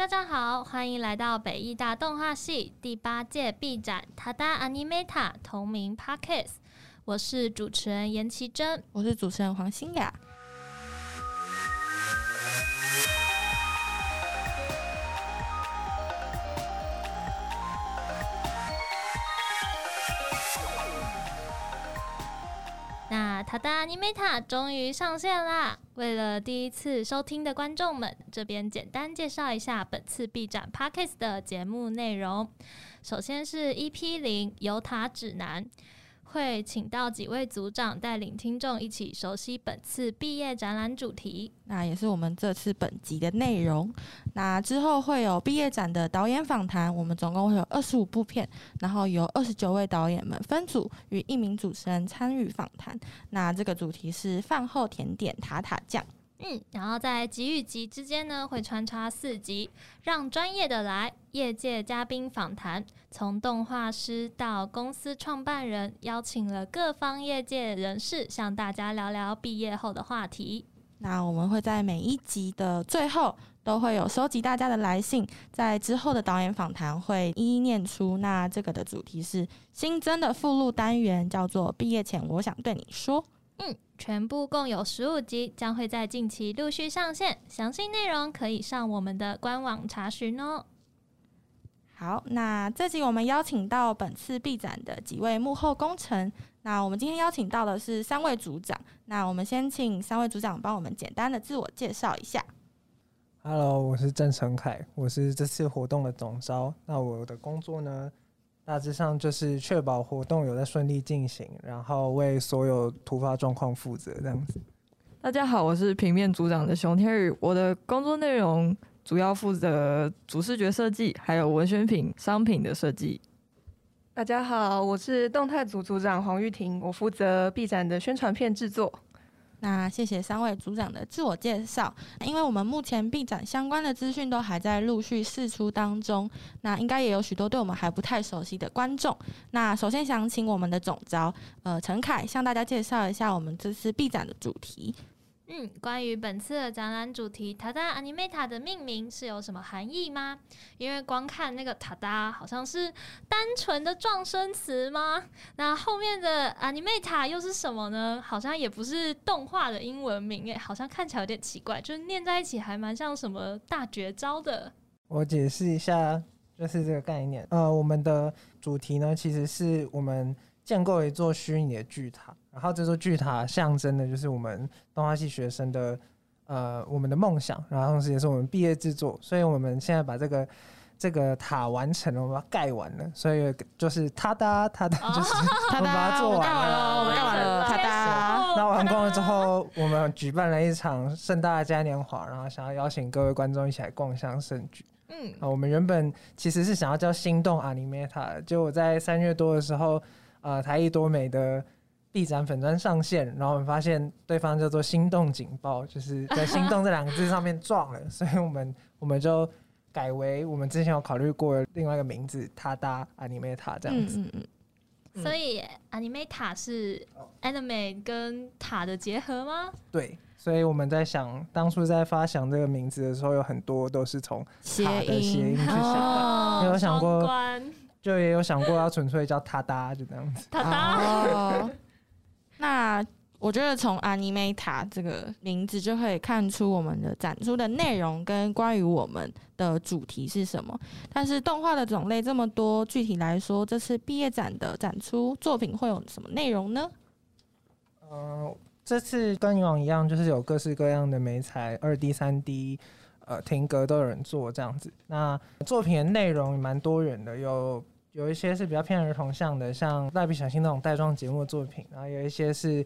大家好，歡迎來到北藝大動畫系第八屆畢展「塔噠！ANIMETA！」同名 Podcast。我是主持人顏奇珍，我是主持人黃馨雅。那塔噠！ANIMETA！終於上線啦！為了第一次收聽的觀眾們，這邊簡單介紹一下本次畢展 Podcast 的節目內容。首先是 EP 零，遊塔指南，會請到幾位組長帶領聽眾一起熟悉本次畢業展覽主題，那也是我們這次本集的內容。那之後會有畢業展的導演訪談，我們總共會有二十五部片，然後由二十九位導演們分組與一名主持人參與訪談。那這個主題是飯後甜點塔塔醬。嗯，然後在集與集之間呢，會穿插四集，讓專業的來業界嘉賓訪談，從動畫師到公司創辦人，邀請了各方業界人士，向大家聊聊畢業後的話題。那我們會在每一集的最後，都會有收集大家的來信，在之後的導演訪談會一一念出。那這個的主題是新增的附錄單元，叫做“畢業前我想對你說”。嗯。全部共有十五集，將會在近期陸續上線，詳細內容可以上我們的官網查詢哦。好，那這集我們邀請到本次畢展的幾位幕後功臣，那我們今天邀請到的是三位組長，那我們先請三位組長幫我們簡單的自我介紹一下。Hello，我是鄭臣凱，我是這次活動的總召，那我的工作呢？大致上就是確保活動有在順利進行，然後為所有突發狀況負責這樣子。大家好，我是平面組長的熊天瑀，我的工作內容主要負責主視覺設計，還有文宣品、商品的設計。大家好，我是動態組組長黃郁庭，我負責畢展的宣傳片制作。那謝謝三位組長的自我介紹。因為我們目前畢展相關的資訊都還在陸續釋出當中，那應該也有許多對我們還不太熟悉的觀眾。那首先想請我們的總召，呃，臣凱向大家介紹一下我們這次畢展的主題。嗯，關於本次的展覽主題“塔噠 ANIMETA” 的命名是有什麼含義嗎？因為光看那個“塔噠”好像是單純的狀聲詞嗎？那後面的 “ANIMETA” 又是什麼呢？好像也不是動畫的英文名誒、欸，好像看起來有點奇怪，就是念在一起還蠻像什麼大絕招的。我解釋一下，就是這個概念。呃，我們的主題呢，其實是我們建構一座虛擬的巨塔。然後這座巨塔象徵的，就是我們動畫系學生的，呃，我們的夢想。然後同時，也是我們畢業制作。所以我們現在把這個這個塔完成了，我們把它蓋完了。所以就是塔噠塔噠，就是、哦、踏踏我們把它做完了，蓋完了，塔噠。那完工了之後，我們舉辦了一場盛大的嘉年華，然後想要邀請各位觀眾一起來共襄盛舉。嗯，啊，我們原本其實是想要叫“心動阿尼梅塔”。就我在三月多的時候，呃，台藝多美的。地展粉專上線，然後我們發現對方叫做“心動警報”，就是在“心動”這兩個字上面撞了， 所以我們我們就改為我們之前有考慮過的另外一個名字“塔噠 ANIMETA 這樣子。嗯、所以 ANIMETA 是 “Anime” 跟“塔”的結合嗎？對，所以我們在想當初在發想這個名字的時候，有很多都是從塔的諧音去想，哦、也有想過，就也有想過要純粹叫“塔噠”就這樣子，“塔噠” oh.。 那我覺得從 ANIMETA 這個名字就可以看出我們的展出的內容跟關於我們的主題是什麼。但是動畫的種類這麼多，具體來說，這次畢業展的展出作品會有什麼內容呢？嗯、呃，這次跟以往一樣，就是有各式各樣的媒材，二 D、三 D，呃，停格都有人做這樣子。那作品的內容蠻多元的，有。有一些是比較偏兒童向的，像《蠟筆小新》那種帶狀節目作品，然後有一些是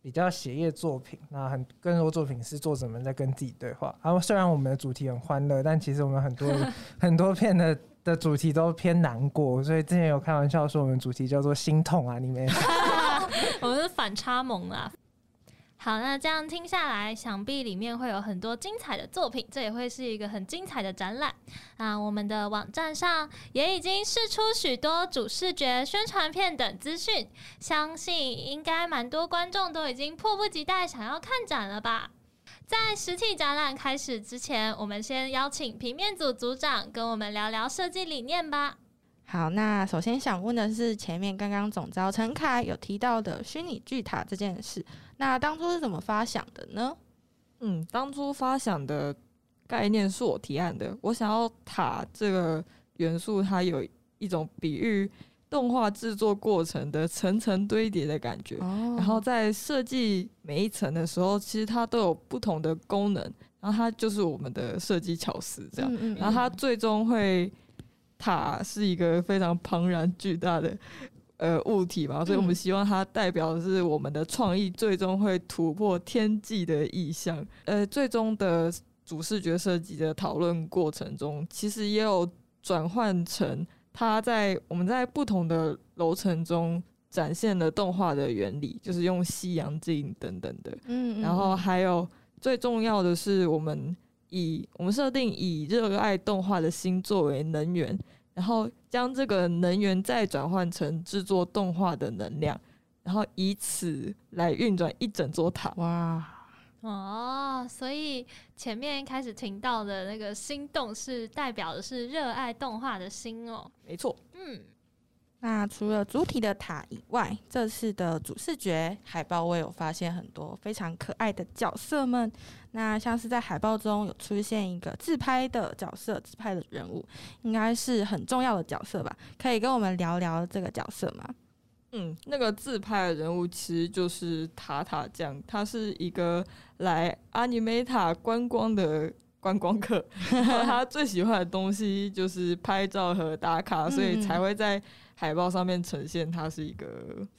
比較寫意作品。那很更多作品是作者們在跟自己對話。然後雖然我們的主題很歡樂，但其實我們很多 很多片的的主題都偏難過，所以之前有開玩笑說我們主題叫做“心痛”啊，裡 面 我們是反差萌啊。好，那這樣聽下來，想必裡面會有很多精彩的作品，這也會是一個很精彩的展覽。啊，我們的網站上也已經釋出許多主視覺、宣傳片等資訊，相信應該蠻多觀眾都已經迫不及待想要看展了吧？在實體展覽開始之前，我們先邀請平面組組長跟我們聊聊設計理念吧。好，那首先想問的是，前面剛剛總召臣凱有提到的虛擬巨塔這件事，那當初是怎麼發想的呢？嗯，當初發想的概念是我提案的，我想要塔這個元素，它有一種比喻動畫制作過程的層層堆疊的感覺，哦、然後在設計每一層的時候，其實它都有不同的功能，然後它就是我們的設計巧思這樣，嗯嗯嗯然後它最終會。塔是一個非常龐然巨大的呃物體吧，所以我們希望它代表的是我們的創意最終會突破天際的意象。呃，最終的主視覺設計的討論過程中，其實也有轉換成它在我們在不同的樓層中展現了動畫的原理，就是用西洋鏡等等的。嗯，嗯，嗯，然後還有最重要的是我們。以我們設定以熱愛動畫的心作為能源，然後將這個能源再轉換成製作動畫的能量，然後以此來運轉一整座塔。哇哦，所以前面開始聽到的那個心動是代表的是熱愛動畫的心哦。沒錯，嗯。那除了主體的塔以外，這次的主視覺海報我也有發現很多非常可愛的角色們。那像是在海報中有出現一個自拍的角色，自拍的人物應該是很重要的角色吧？可以跟我們聊聊這個角色嗎？嗯，那個自拍的人物其實就是塔塔醬，他是一個來 Anime 塔觀光的。觀光客，然後他最喜歡的東西就是拍照和打卡， 所以才會在海報上面呈現他是一個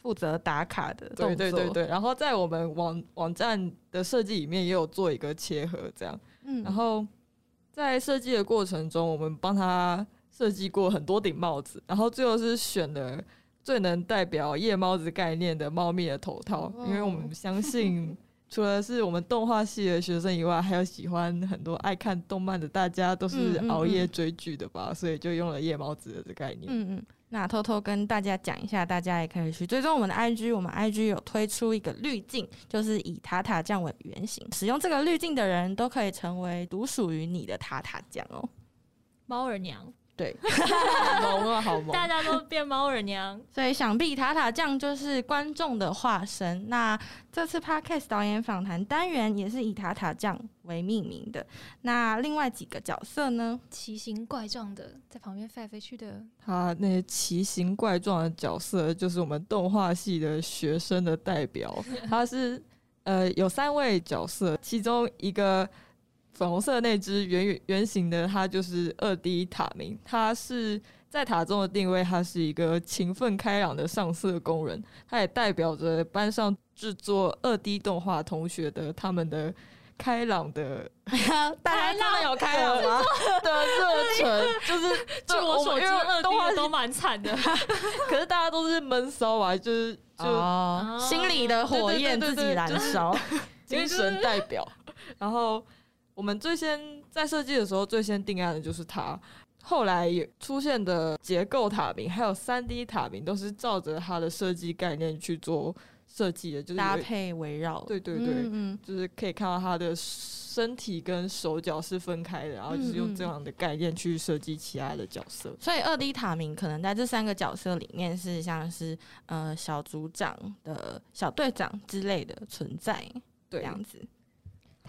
負責打卡的對，對對對對，然後在我們網網站的設計裡面也有做一個切合這樣。嗯，然後在設計的過程中，我們幫他設計過很多頂帽子，然後最後是選的最能代表夜貓子概念的貓咪的頭套，因為我們相信。 除了是我們動畫系的學生以外，還有喜歡很多愛看動漫的大家，都是熬夜追劇的吧？嗯嗯嗯，所以就用了夜貓子的概念。嗯嗯，那偷偷跟大家講一下，大家也可以去追蹤我們的 IG，我們 IG 有推出一個濾鏡，就是以塔塔醬為原型，使用這個濾鏡的人都可以成為獨屬於你的塔塔醬哦，貓耳娘。對，萌了，好萌！大家都變貓人娘，所以想必塔塔醬就是觀眾的化身。那這次帕 o d c a s t 訪談單元也是以塔塔醬為命名的。那另外幾個角色呢？奇形怪狀的，在旁邊飛來飛去的。他那些奇形怪狀的角色，就是我們動畫系的學生的代表。他是呃，有三位角色，其中一個。粉紅色的那隻圓圓形的，它就是二 D 塔民，它是在塔中的定位，它是一個勤奮開朗的上色工人，它也代表着班上製作二 D 動畫同學的他們的開朗的開朗大家開朗有開朗的熱忱，就是據我所知，二 D 動畫都蠻慘的， 可是大家都是悶騷啊，就是就心裡的火焰自己燃燒，精神代表，然後。我們最先在設計的時候，最先定案的就是它。後來也出現的結構塔民還有三 D 塔民，都是照着它的設計概念去做設計的，就是搭配圍繞，對對對，對，就是可以看到它的身體跟手腳是分開的，然後就是用這樣的概念去設計其他的角色。所以二 D 塔民可能在這三個角色裡面是像是呃小組長的小隊長之類的存在，對，這樣子。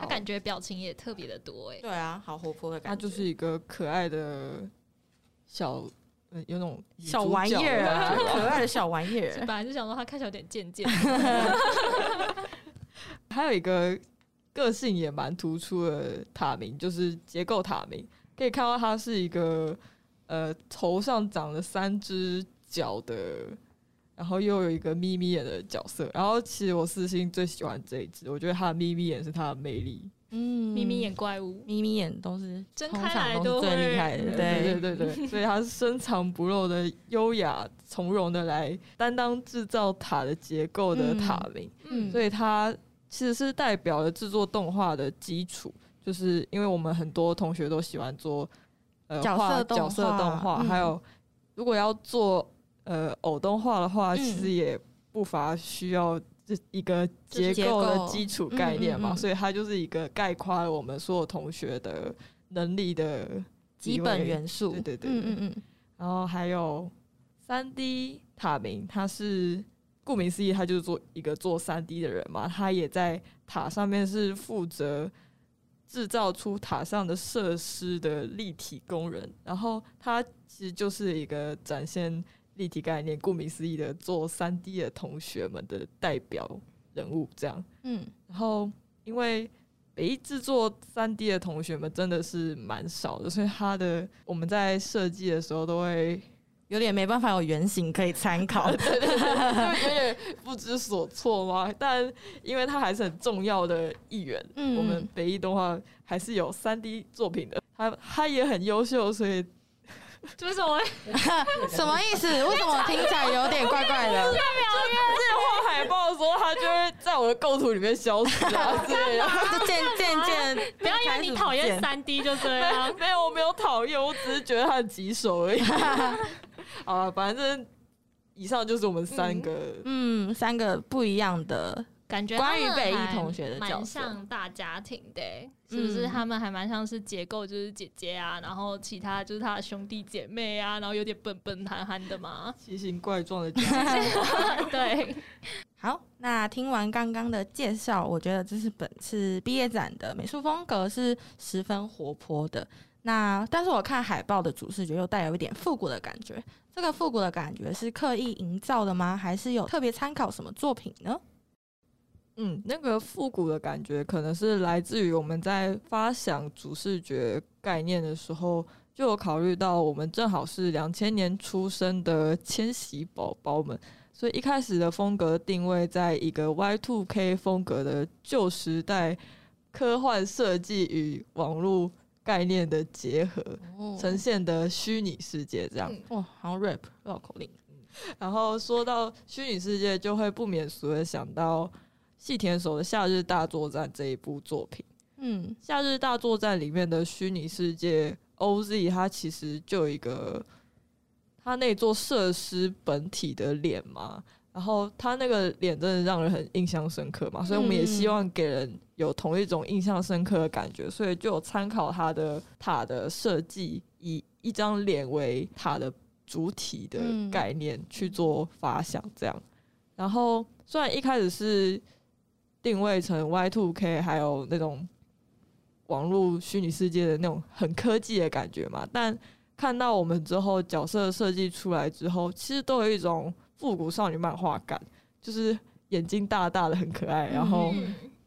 他感覺表情也特別的多哎、欸，對啊，好活潑的感覺，他就是一個可愛的小，有那種小玩意兒、啊，可愛的小玩意兒。 本來就想說他看起來有點賤賤的。 還有一個個性也蠻突出的塔民，就是結構塔民，可以看到他是一個呃頭上長了三隻腳的。然後又有一個咪咪眼的角色，然後其實我私心最喜歡這一只，我覺得它的瞇瞇眼是它的魅力。嗯，瞇瞇眼怪物，咪咪眼都是睜開來都會，對對，對對對， 所以它是深藏不露的優雅從容的來擔當制造塔的結構的塔林，嗯嗯，所以它其實是代表了制作動畫的基礎，就是因為我們很多同學都喜歡做呃角色角色動畫，畫，角色動畫，嗯，還有如果要做。呃，偶動畫的話其的、嗯嗯嗯嗯嗯，其實也不乏需要這一個結構的基礎概念嘛，所以它就是一個概括了我們所有同學的能力的基本元素。對對對，對，對，嗯嗯，然後還有三 D 塔民，他是顧名思義，他就是做一個做三 D 的人嘛，他也在塔上面是負責制造出塔上的設施的立體工人，然後他其實就是一個展現。立體概念，顧名思義的做三 D 的同學們的代表人物，這樣。嗯，然後因為北藝製作三 D 的同學們真的是蠻少的，所以他的我們在設計的時候都會有點沒辦法有原型可以參考，有點不知所措嘛。但因為他還是很重要的一員，我們北藝動畫還是有三 D 作品的，他他也很優秀，所以。為什麼？ 什麼意思？為什麼我聽起來有點怪怪的？ 不是不是，就畫海報的時候，他就會在我的構圖裡面消失，啊， 是這就漸漸漸，不要因為你討厭三 D 就這樣 沒。沒有，我沒有討厭，我只是覺得他很棘手而已。 好了，反正以上就是我們三個，嗯，嗯三個不一樣的。感覺關於北藝同學的角色蠻像大家庭的，欸，是不是？他們還蠻像是結構，就是姐姐啊，然後其他就是他的兄弟姐妹啊，然後有點笨笨憨憨的嘛，奇形怪狀的結構。對，好，那聽完剛剛的介紹，我覺得這是本次畢業展的美術風格是十分活潑的。那但是我看海報的主視覺又帶有一點復古的感覺，這個復古的感覺是刻意營造的嗎？還是有特別參考什麼作品呢？嗯，那個復古的感覺可能是來自於我們在發想主視覺概念的時候，就有考慮到我們正好是兩千年出生的千禧寶寶們，所以一開始的風格定位在一個 Y2K 風格的舊時代科幻設計與網絡概念的結合呈現的虛擬世界，這樣哦，好像 rap 繞口令，然後說到虛擬世界，就會不免俗的想到。細田守的《夏日大作戰》這一部作品，嗯，《夏日大作戰》裡面的虛擬世界 OZ，它其實就有一個它那座設施本體的臉嘛，然後它那個臉真的讓人很印象深刻嘛，所以我們也希望給人有同一種印象深刻的感覺，所以就有參考它的塔的設計，以一張臉為塔的主體的概念去做發想，這樣。然後雖然一開始是。定位成 Y2K 還有那種網絡虛擬世界的那種很科技的感覺嘛，但看到我們之後角色設計出來之後，其實都有一種復古少女漫畫感，就是眼睛大大的很可愛，然後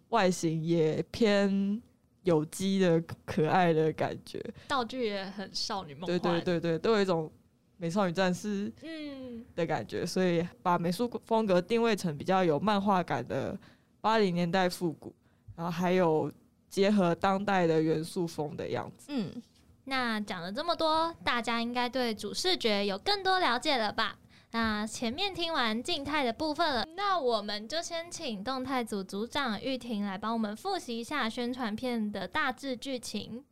外形也偏有機的可愛的感覺，道具也很少女夢。對對對對，對，都有一種美少女戰士嗯的感覺，所以把美術風格定位成比較有漫畫感的。八零年代復古，然後還有結合當代的元素風的樣子。嗯，那講了這麼多，大家應該對主視覺有更多了解了吧？那前面聽完靜態的部分了，那我們就先請動態組組長郁庭來幫我們複習一下宣傳片的大致劇情。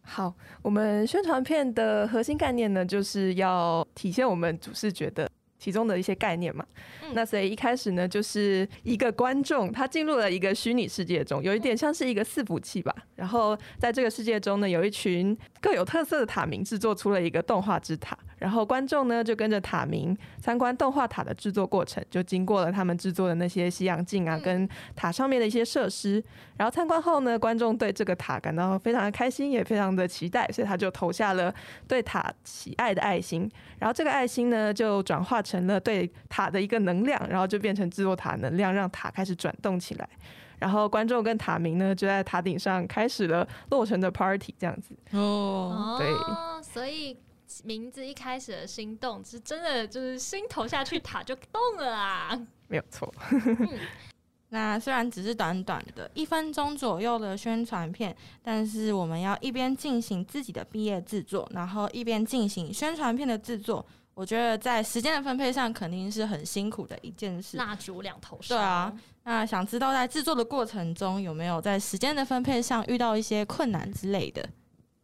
好，我們宣傳片的核心概念呢，就是要體現我們主視覺的，其中的一些概念嘛，那所以一開始呢，就是一個觀眾他進入了一個虛擬世界中，有一點像是一個伺服器吧。然後在這個世界中呢，有一群各有特色的塔民制作出了一個動畫之塔。然後觀眾呢就跟着塔民參觀動畫塔的制作過程，就經過了他們制作的那些西洋鏡啊、嗯，跟塔上面的一些設施。然後參觀後呢，觀眾對這個塔感到非常的開心，也非常的期待，所以他就投下了對塔喜愛的愛心。然後這個愛心呢就轉化成了對塔的一個能量，然後就變成制作塔能量，讓塔開始轉動起來。然後觀眾跟塔民呢就在塔頂上開始了落成的 party，這樣子哦，對，所以。名字一開始的心動，是真的就是心投下去，塔就動了啊！沒有錯，嗯。那雖然只是短短的一分鐘左右的宣傳片，但是我們要一邊進行自己的畢業制作，然後一邊進行宣傳片的制作，我覺得在時間的分配上肯定是很辛苦的一件事，蠟燭兩頭燒。對啊，那想知道在制作的過程中有沒有在時間的分配上遇到一些困難之類的？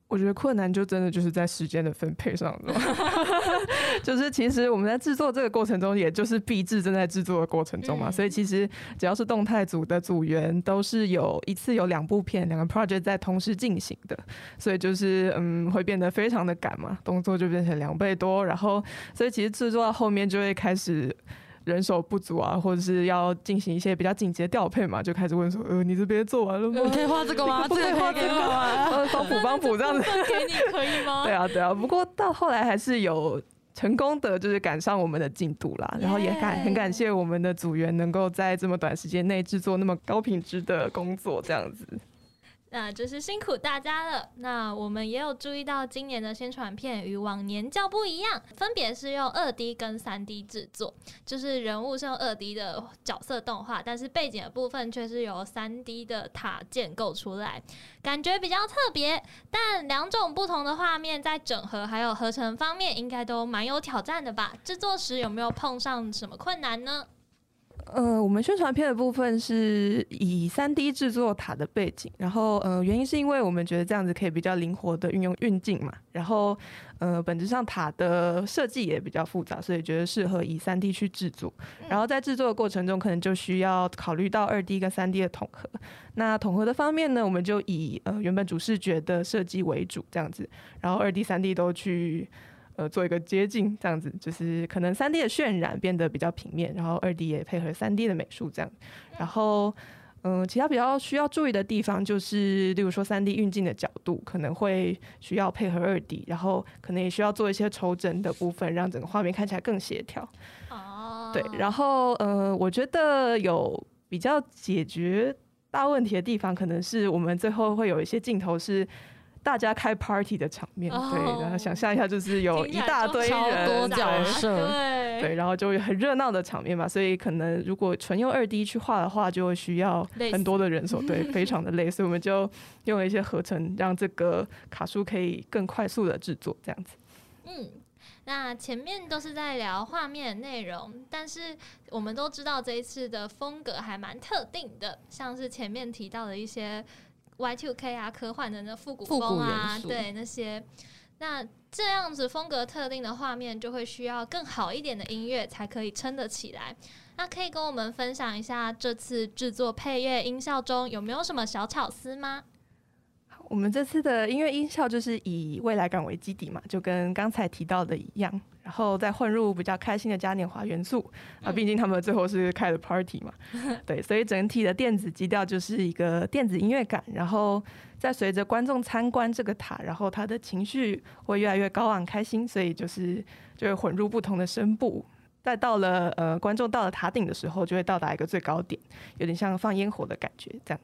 我覺得困難就真的就是在時間的分配上，是 就是其實我們在制作這個過程中，也就是畢製正在制作的過程中嘛、嗯，所以其實只要是動態組的組員，都是有一次有兩部片、兩個 project 在同時進行的，所以就是嗯，會變得非常的趕嘛，動作就變成兩倍多，然後所以其實制作到後面就會開始。人手不足啊，或者是要進行一些比較緊急的調配嘛，就開始問說：“呃，你這邊做完了嗎？我、呃、可以畫這個嗎？你可、不可以畫這個嗎？幫補幫補這樣子，給你可以嗎？”對啊，對啊。不過到後來還是有成功的，就是趕上我們的進度啦，Yeah。然後也感很感謝我們的組員能夠在這麼短時間內製作那麼高品質的工作，這樣子。那就是辛苦大家了。那我們也有注意到，今年的宣傳片與往年較不一樣，分別是用二 D 跟三 D 製作，就是人物是用二 D 的角色動畫，但是背景的部分卻是由三 D 的塔建構出來，感覺比較特別。但兩種不同的畫面在整合還有合成方面，應該都蠻有挑戰的吧？製作時有沒有碰上什麼困難呢？呃，我們宣傳片的部分是以三 D 制作塔的背景，然後呃，原因是因為我們覺得這樣子可以比較靈活的運用運鏡嘛，然後呃，本質上塔的設計也比較複雜，所以覺得適合以三 D 去制作，然後在制作的過程中可能就需要考慮到二 D 跟三 D 的統合，那統合的方面呢，我們就以呃原本主視覺的設計為主這樣子，然後二 D、三 D 都去。呃，做一個接近這樣子，就是可能三 D 的渲染變得比較平面，然後二 D 也配合三 D 的美術這樣。然後，嗯、呃，其他比較需要注意的地方就是，例如說三 D 運鏡的角度可能會需要配合二 D，然後可能也需要做一些抽幀的部分，讓整個畫面看起來更協調。哦，對，然後，嗯、呃，我覺得有比較解決大問題的地方，可能是我們最後會有一些鏡頭是。大家開 party 的場面，oh，對，然後想象一下，就是有一大堆多角色，對，然後就有很熱鬧的場面嘛。所以，可能如果純用二 D 去畫的話，就會需要很多的人手，對，非常的累。所以，我們就用了一些合成，讓這個卡書可以更快速的制作，這樣子。嗯，那前面都是在聊畫面內容，但是我們都知道這一次的風格還蠻特定的，像是前面提到的一些。Y2K 啊，科幻的那復古風啊，對那些，那這樣子風格特定的畫面，就會需要更好一點的音樂才可以撐得起來。那可以跟我們分享一下這次制作配樂音效中有沒有什麼小巧思嗎？我們這次的音樂音效就是以未來感為基底嘛，就跟剛才提到的一樣，然後再混入比較開心的嘉年華元素啊，畢竟他們最後是開了 party 嘛，對，所以整體的電子基調就是一個電子音樂感，然後再隨着觀眾參觀這個塔，然後他的情緒會越來越高昂、開心，所以就是就會混入不同的聲部，再到了呃觀眾到了塔頂的時候，就會到達一個最高點，有點像放煙火的感覺，這樣。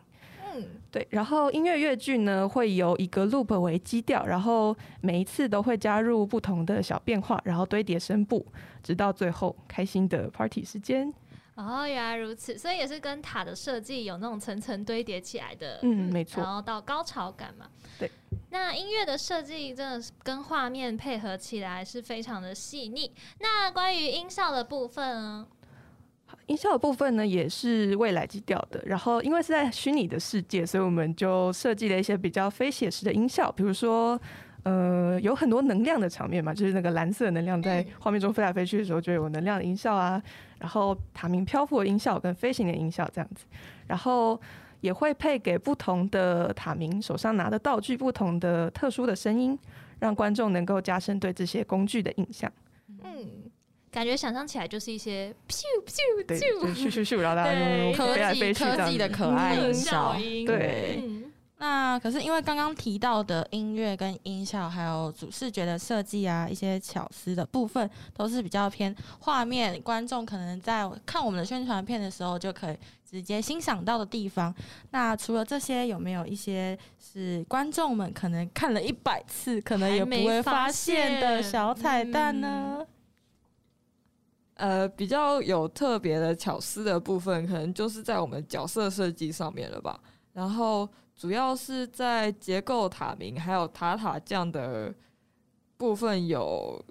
嗯，對，然後音樂樂句呢，會由一個 loop 為基調，然後每一次都會加入不同的小變化，然後堆疊聲部，直到最後開心的 party 時間。哦，原來如此，所以也是跟塔的設計有那種層層堆疊起來的，嗯，沒錯，然後到高潮感嘛。對，那音樂的設計真的是跟畫面配合起來是非常的細膩。那關於音效的部分呢？音效的部分呢，也是未來基調的。然後，因為是在虛擬的世界，所以我們就設計了一些比較非寫實的音效，比如說，呃，有很多能量的場面嘛，就是那個藍色能量在畫面中飛來飛去的時候，就有能量的音效啊。然後塔民漂浮的音效跟飛行的音效這樣子。然後也會配給不同的塔民手上拿的道具不同的特殊的聲音，讓觀眾能夠加深對這些工具的印象。嗯。感覺想象起來就是一些啾啾啾啾就咻咻咻、咻咻咻，然後大家用科技飛飛科技的可愛、嗯、很音效。對、嗯,那可是因為剛剛提到的音樂跟音效，還有主視覺的設計啊，一些巧思的部分，都是比較偏畫面，觀眾可能在看我們的宣傳片的時候，就可以直接欣賞到的地方。那除了這些，有沒有一些是觀眾們可能看了一百次，可能也不會發現的小彩蛋呢？呃，比較有特別的巧思的部分，可能就是在我們角色設計上面了吧。然後主要是在結構塔民還有塔塔醬的部分，有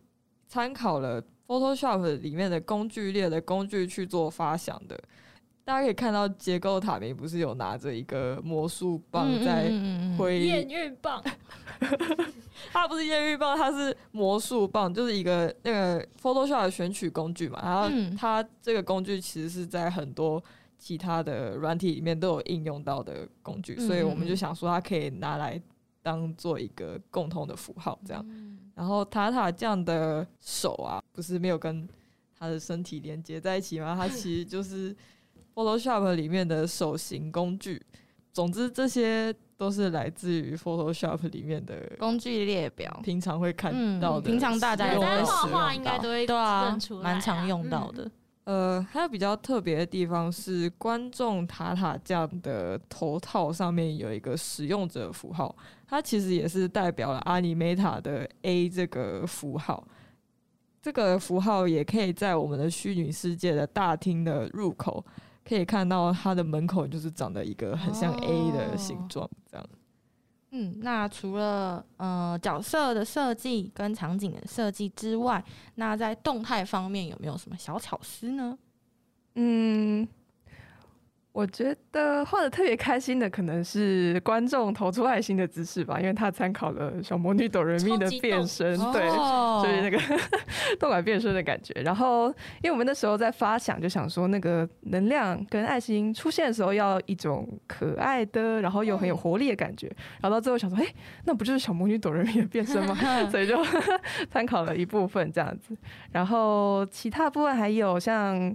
參考了 Photoshop 裡面的工具列的工具去做發想的。大家可以看到，結構塔林不是有拿着一個魔術棒在揮、嗯嗯？驗孕棒， 棒？他不是驗孕棒，他是魔術棒，就是一個那個 Photoshop 的選取工具嘛。然後它這個工具其實是在很多其他的軟體裡面都有應用到的工具，所以我們就想說，它可以拿來當做一個共同的符號，這樣。然後塔塔這樣的手啊，不是沒有跟他的身體連接在一起嗎？他其實就是。Photoshop 裡面的手型工具，總之，這些都是來自於 Photoshop 裡面的工具列表，平常會看到的。嗯、平常大家用但是畫畫應該都會啊。對啊，蠻常用到的，嗯。呃，還有比較特別的地方是，觀眾塔塔醬的頭套上面有一個使用者符號，它其實也是代表了 Animeta 的 A 這個符號。這個符號也可以在我們的虛擬世界的大廳的入口，可以看到它的門口就是長得一個很像 A 的形狀，這樣。哦。嗯，那除了呃角色的設計跟場景的設計之外，那在動態方面有沒有什麼小巧思呢？嗯。我覺得畫的特別開心的可能是觀眾投出愛心的姿勢吧，因為他參考了小魔女哆瑞咪的變身，對，就、oh. 是那個呵呵動感變身的感覺。然後，因為我們那時候在發想，就想說那個能量跟愛心出現的時候要一種可愛的，然後又很有活力的感覺。Oh. 然後到最後想說，誒，那不就是小魔女哆瑞咪的變身嗎？ 所以就呵呵參考了一部分這樣子。然後其他部分還有像。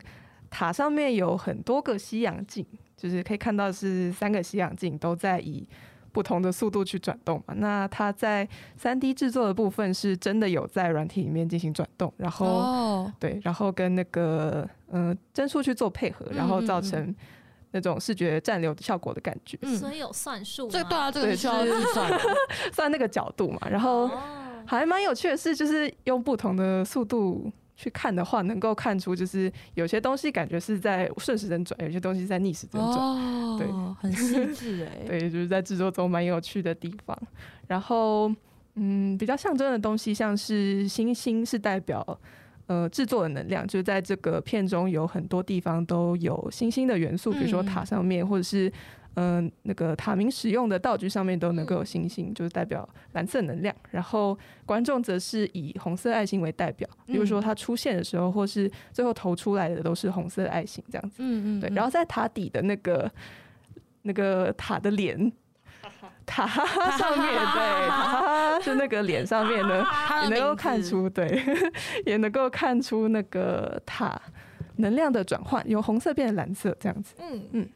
塔上面有很多個西洋鏡，就是可以看到是三個西洋鏡都在以不同的速度去轉動嘛。那它在 3D 製作的部分是真的有在軟體裡面進行轉動，然後、哦、對，然後跟那個嗯、呃、幀數去做配合，然後造成那種視覺暫留的效果的感覺。嗯嗯、所以有算數，對對啊，這個需要算算那個角度嘛。然後還蠻有趣的是，就是用不同的速度。去看的話，能夠看出就是有些東西感覺是在順時針轉，有些東西在逆時針轉。哦，對，很細緻誒， 對，就是在製作中蠻有趣的地方。然後，嗯，比較象徵的東西，像是星星，是代表呃製作的能量，就是，在這個片中有很多地方都有星星的元素，嗯、比如說塔上面，或者是。嗯、呃，那個塔民使用的道具上面都能夠有星星、嗯，就是代表藍色能量。然後觀眾則是以紅色愛心為代表，比、嗯、如、就是、說它出現的時候，或是最後投出來的都是紅色愛心這樣子。嗯，嗯嗯。對，然後在塔底的那個那個塔的臉塔哈哈上面，塔哈哈哈哈對塔哈哈，就那個臉上面呢，啊、哈哈也能夠看出，對， 也能夠看出那個塔能量的轉換，由紅色變藍色這樣子。嗯嗯。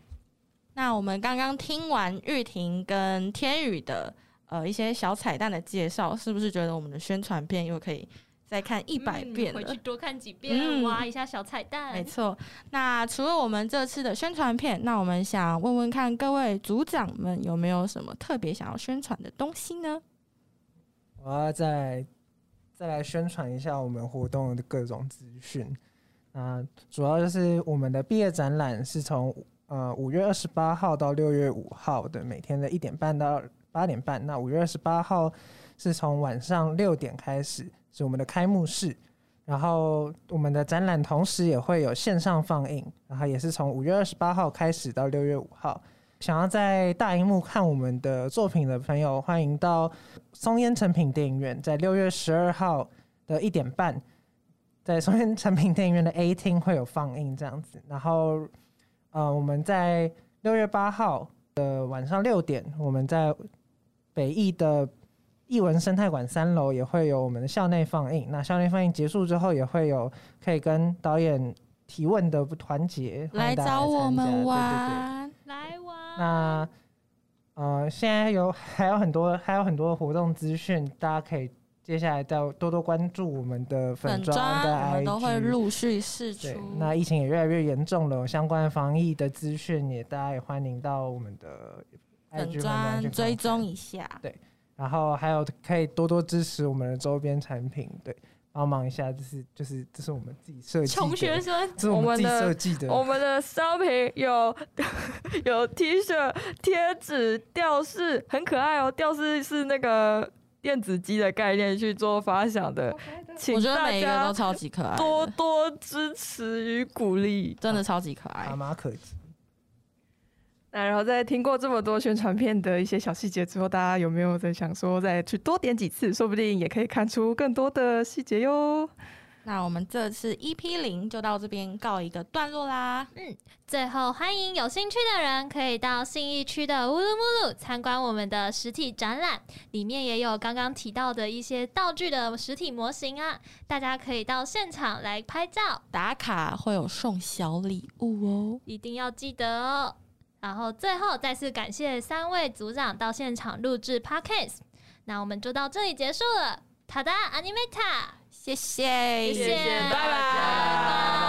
那我們剛剛聽完郁庭跟天瑀的呃一些小彩蛋的介紹，是不是覺得我們的宣傳片又可以再看一百遍？嗯、回去多看幾遍、嗯，挖一下小彩蛋。沒錯。那除了我們這次的宣傳片，那我們想問問看各位組長們有沒有什麼特別想要宣傳的東西呢？我要再再來宣傳一下我們活動的各種資訊。啊，主要就是我們的畢業展覽是從。呃，五月二十八號到六月五號的每天的一點半到八點半。那五月二十八號是從晚上六點開始，是我們的開幕式。然後我們的展覽同時也會有線上放映，然後也是從五月二十八號開始到六月五號。想要在大熒幕看我們的作品的朋友，歡迎到松菸誠品電影院，在六月十二號的一點半，在松菸誠品電影院的 A 廳會有放映這樣子。然後，呃，我們在六月八號的晚上六點，我們在北藝的藝文生態館三樓也會有我們的校內放映。那校內放映結束之後，也會有可以跟導演提問的環節，歡迎大家來參加。來找我們玩，對對對，來玩。那呃，現在有還有很多還有很多的活動資訊，大家可以。接下來再多多關注我們的粉專，IG，我們都會陸續釋出。那疫情也越來越嚴重了，相關防疫的資訊也大家也歡迎到我們的、IG、粉專追蹤一下。對，然後還有可以多多支持我們的周邊產品，對，幫忙一下，這是就是就是這是我們自己設計的，窮學生，這是我們自己我們的設計的， 我們的商品有有 T 恤、貼紙、吊飾，很可愛哦、喔。吊飾是那個。電子雞的概念去做發想的，請大家多多支持與鼓勵，真的超級可愛，啊啊、可那然後在聽過這麼多宣傳片的一些小細節之後，大家有沒有在想說，再去多點幾次，說不定也可以看出更多的細節喲。那我們這次 EP 零就到這邊告一個段落啦。嗯，最後歡迎有興趣的人可以到信義區的烏魯木路參觀我們的實體展覽，裡面也有剛剛提到的一些道具的實體模型啊，大家可以到現場來拍照打卡，會有送小禮物哦，一定要記得哦。然後最後再次感謝三位組長到現場錄製 Podcast，那我們就到這裡結束了。好的，ANIMETA！謝謝，謝謝，拜拜。拜拜拜拜。